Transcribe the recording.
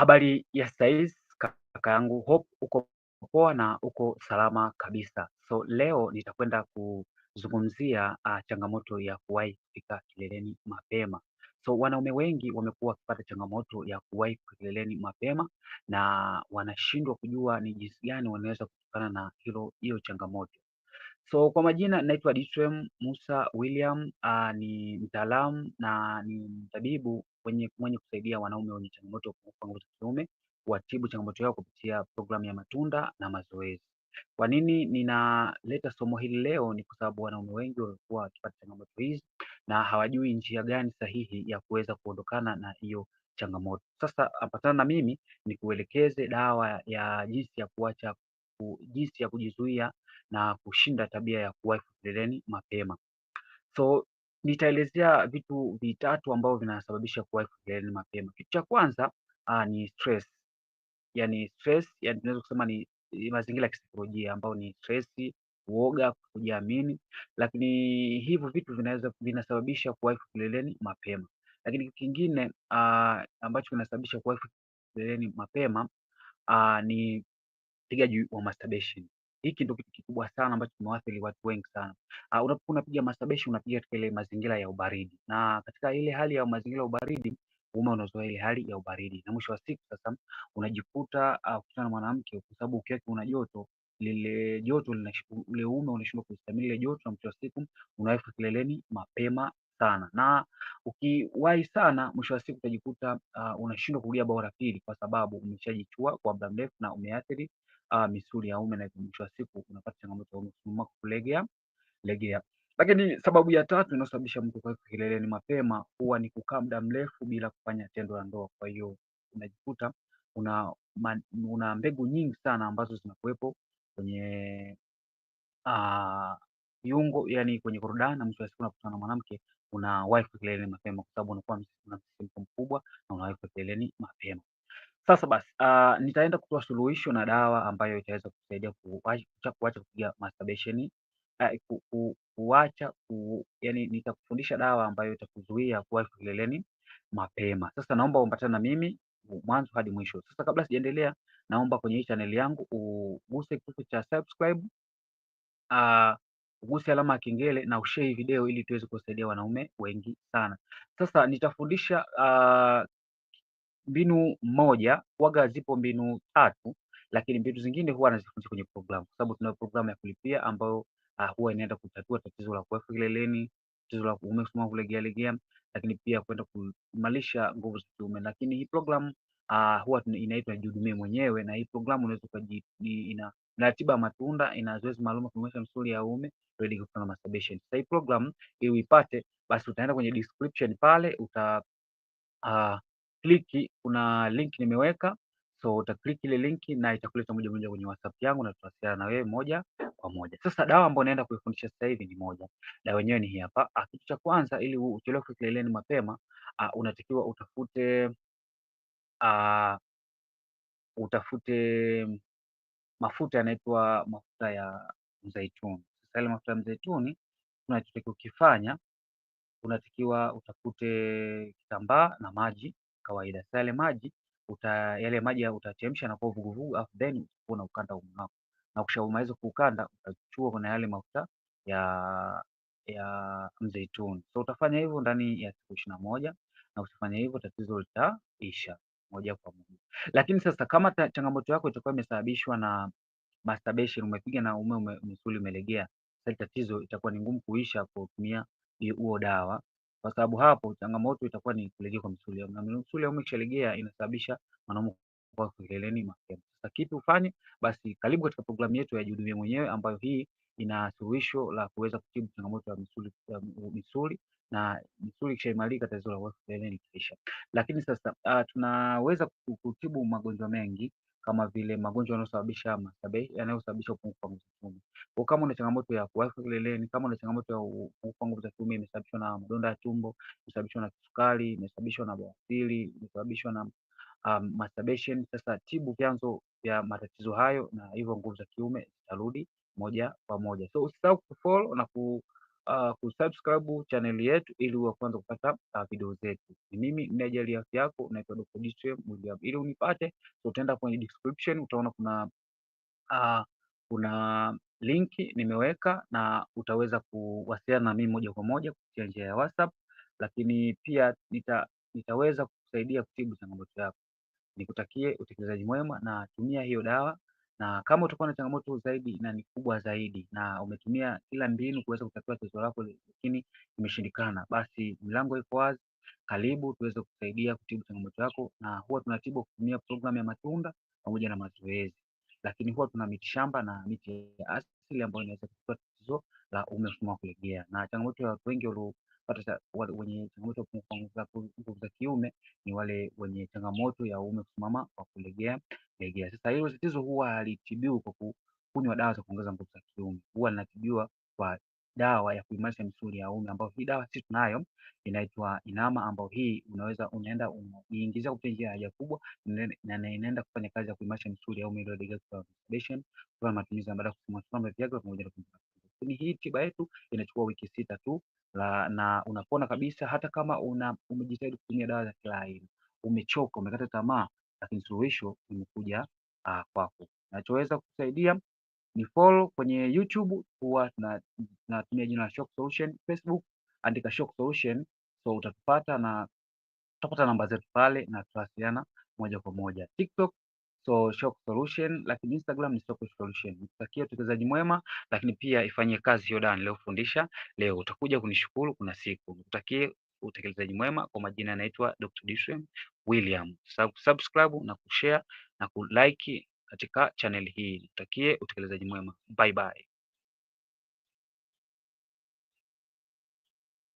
Habari ya saizi kaka yangu, hope uko poa na uko salama kabisa. So leo nitakwenda kuzungumzia uh, changamoto ya kuwahi kufika kileleni mapema. So wanaume wengi wamekuwa wakipata changamoto ya kuwahi kufika kileleni mapema na wanashindwa kujua ni jinsi gani wanaweza kutokana na hilo hiyo changamoto. So kwa majina naitwa Ditwem Musa William, uh, ni mtaalamu na ni mtabibu mwenye, mwenye kusaidia wanaume wenye changamoto ya upungufu wa nguvu za kiume kuwatibu changamoto yao kupitia programu ya matunda na mazoezi. Kwa nini ninaleta somo hili leo? Ni kwa sababu wanaume wengi wamekuwa wakipata changamoto hizi na hawajui njia gani sahihi ya kuweza kuondokana na hiyo changamoto. Sasa ambatana na mimi nikuelekeze dawa ya jinsi ya kuacha jinsi ya kujizuia na kushinda tabia ya kuwahi foleni mapema. So nitaelezea vitu vitatu ambavyo vinasababisha kuwahi foleni mapema. Kitu cha kwanza ni stress, yaani stress, yani tunaweza kusema ni mazingira ya kisaikolojia ambayo ni stress, uoga, kujiamini, lakini hivyo vitu vinaweza vinasababisha kuwahi foleni mapema. Lakini kitu kingine ambacho kinasababisha kuwahi foleni mapema ni Upigaji wa masturbation. Hiki ndio kitu kikubwa sana ambacho kimewaathiri watu wengi sana. Uh, unapokuwa unapiga masturbation unapiga katika ile mazingira ya ubaridi, na katika ile hali ya mazingira ya ubaridi uume unazoea ile hali ya ubaridi, na mwisho wa siku sasa unajikuta ah, ukutana na mwanamke, kwa sababu ukiwa una joto lile joto ule uume unashindwa kustahimili ile joto, na mwisho wa siku unawekwa kileleni mapema sana, na ukiwahi sana, mwisho wa siku utajikuta uh, unashindwa kurudia bao la pili, kwa sababu umeshajichua kwa muda mrefu na umeathiri uh, misuli ya ume na mwisho wa siku unapata changamoto ya kusimama kulegea legea. Lakini sababu ya tatu inayosababisha mtu kukaa kileleni mapema huwa ni kukaa muda mrefu bila kufanya tendo la ndoa. Kwa hiyo unajikuta una, man, una mbegu nyingi sana ambazo zinakuwepo kwenye viungo uh, yani kwenye korodani. Mwisho wa siku unakutana na mwanamke unawahi kukaa kileleni mapema, kwa sababu unakuwa una msisimko mkubwa na unawahi kileleni mapema. Sasa basi, uh, nitaenda kutoa suluhisho na dawa ambayo itaweza kusaidia kuacha kuacha kupiga masturbation, uh, ah, ku, ku, kuacha ku, yani nitakufundisha dawa ambayo itakuzuia kuwa kileleni mapema. Sasa naomba uambatane na mimi mwanzo hadi mwisho. Sasa kabla sijaendelea, naomba kwenye hii chaneli yangu uguse kitufe cha subscribe, uh, uguse alama ya kengele na ushare video ili tuweze kuwasaidia wanaume wengi sana. Sasa nitafundisha uh, mbinu moja, waga zipo mbinu tatu, lakini mbinu zingine huwa anazifunza kwenye programu, kwa sababu tunayo programu ya kulipia ambayo uh, huwa inaenda kutatua tatizo la kuweka kileleni, tatizo la umesoma kulegea legea, lakini pia kwenda kumalisha nguvu za kiume. Lakini hii programu uh, ah, huwa inaitwa Jihudumie Mwenyewe, na hii programu unaweza ukaji ina ratiba matunda, ina zoezi maalum kuonyesha msuli ya ume ready kwa kufanya masturbation. Sasa hii program ili uipate, basi utaenda kwenye description pale uta uh, kliki, kuna link nimeweka, so utakliki ile linki na itakuleta moja moja kwenye WhatsApp yangu na tutawasiliana na wewe moja kwa moja. Sasa dawa ambayo naenda kuifundisha sasa hivi ni moja. Dawa yenyewe ni hii hapa. Ah, kitu cha kwanza, ili uchelewe kufika kileleni mapema, ah, unatakiwa utafute uh, utafute mafuta yanaitwa mafuta ya mzaituni. Sasa mafuta ya mzaituni, unachotakiwa kukifanya, unatakiwa utafute kitambaa na maji kawaida. Sasa yale maji uta, yale maji utachemsha na kuwa vuguvugu, afu then una ukanda umu wako, na ukishamaliza kuukanda utachukua kuna yale mafuta ya ya mzeituni. So utafanya hivyo ndani ya siku ishirini na moja na usifanye hivyo, tatizo litaisha moja kwa moja. Lakini sasa kama ta, changamoto yako itakuwa imesababishwa na masturbation, umepiga na ume, ume, misuli umelegea, sasa tatizo itakuwa ni ngumu kuisha kwa kutumia huo dawa kwa sababu hapo changamoto itakuwa ni kulegea kwa misuli ya Na misuli ya damu inasababisha mwanaume kwa kileleni mapema. Sasa kitu ufanye? Basi karibu katika programu yetu ya Jihudumie Mwenyewe ambayo hii ina suluhisho la kuweza kutibu changamoto ya misuli, ya misuli na misuli ikishaimarika tatizo la kuwa kileleni kisha. Lakini sasa uh, tunaweza kutibu magonjwa mengi kama vile magonjwa yanayosababisha masabe yanayosababisha upungufu wa nguvu za kiume. Kwa kama una changamoto ya kuwahi kileleni, kama una changamoto ya upungufu wa nguvu za kiume imesababishwa na madonda ya tumbo, imesababishwa na kisukari, imesababishwa na bawasiri, imesababishwa na um, masturbation. Sasa tibu vyanzo vya matatizo hayo, na hivyo nguvu za kiume zitarudi moja kwa moja. So usisahau kufollow na ku uh, kusubscribe channel yetu ili uwe kwanza kupata uh, video zetu. Ni mimi ninayejali afya yako, naitwa Dr. Jiswe Mwiliam. Ili unipate, so utaenda kwenye description, utaona kuna uh, kuna linki nimeweka, na utaweza kuwasiliana na mimi moja kwa moja kupitia njia ya WhatsApp, lakini pia nita, nitaweza kukusaidia kutibu changamoto yako. Nikutakie utekelezaji mwema na tumia hiyo dawa, na kama utakuwa na changamoto zaidi na ni kubwa zaidi na umetumia kila mbinu kuweza kutatua tatizo lako lakini imeshindikana, basi mlango iko wazi. Karibu tuweze kusaidia kutibu changamoto yako, na huwa tunatibu kutumia programu ya matunda pamoja na mazoezi, lakini huwa tuna miti shamba na miti ya asili ambayo inaweza kutatua tatizo la umefumo wa kulegea na changamoto ya watu wengi waliopata wenye changamoto za nguvu za kiume ni wale wenye changamoto ya uume kusimama kwa kulegea legea. Sasa hilo tatizo huwa halitibiwi kwa kunywa dawa za kuongeza nguvu za kiume, huwa linatibiwa kwa dawa ya kuimarisha misuli ya uume, ambayo hii dawa sisi tunayo inaitwa Inama, ambayo hii unaweza unaenda unaiingizia kupitia njia ya haja kubwa, na inaenda kufanya kazi ya kuimarisha misuli ya uume iliyolegea kwa kwa matumizi ya baada ya kusimama pamoja na lakini hii tiba yetu inachukua wiki sita tu la, na unapona kabisa, hata kama una umejitahidi kutumia dawa za kila aina, umechoka, umekata tamaa, lakini suluhisho imekuja uh, kwako. Nachoweza kusaidia ni follow kwenye YouTube, huwa tuna- tunatumia jina la Shock Solution. Facebook andika Shock Solution, so utatupata na utapata namba zetu pale na tutawasiliana moja kwa moja. TikTok So Shock Solution, lakini Instagram ni Shock Solution. Nikutakia utekelezaji mwema, lakini pia ifanyie kazi hiyo dawa niliyofundisha leo. Utakuja kunishukuru kuna siku. Nikutakie utekelezaji mwema. Kwa majina yanaitwa Dr. Dishwem William. Subscribe na kushare na kulike katika channel hii. Nikutakie utekelezaji mwema. Bye bye.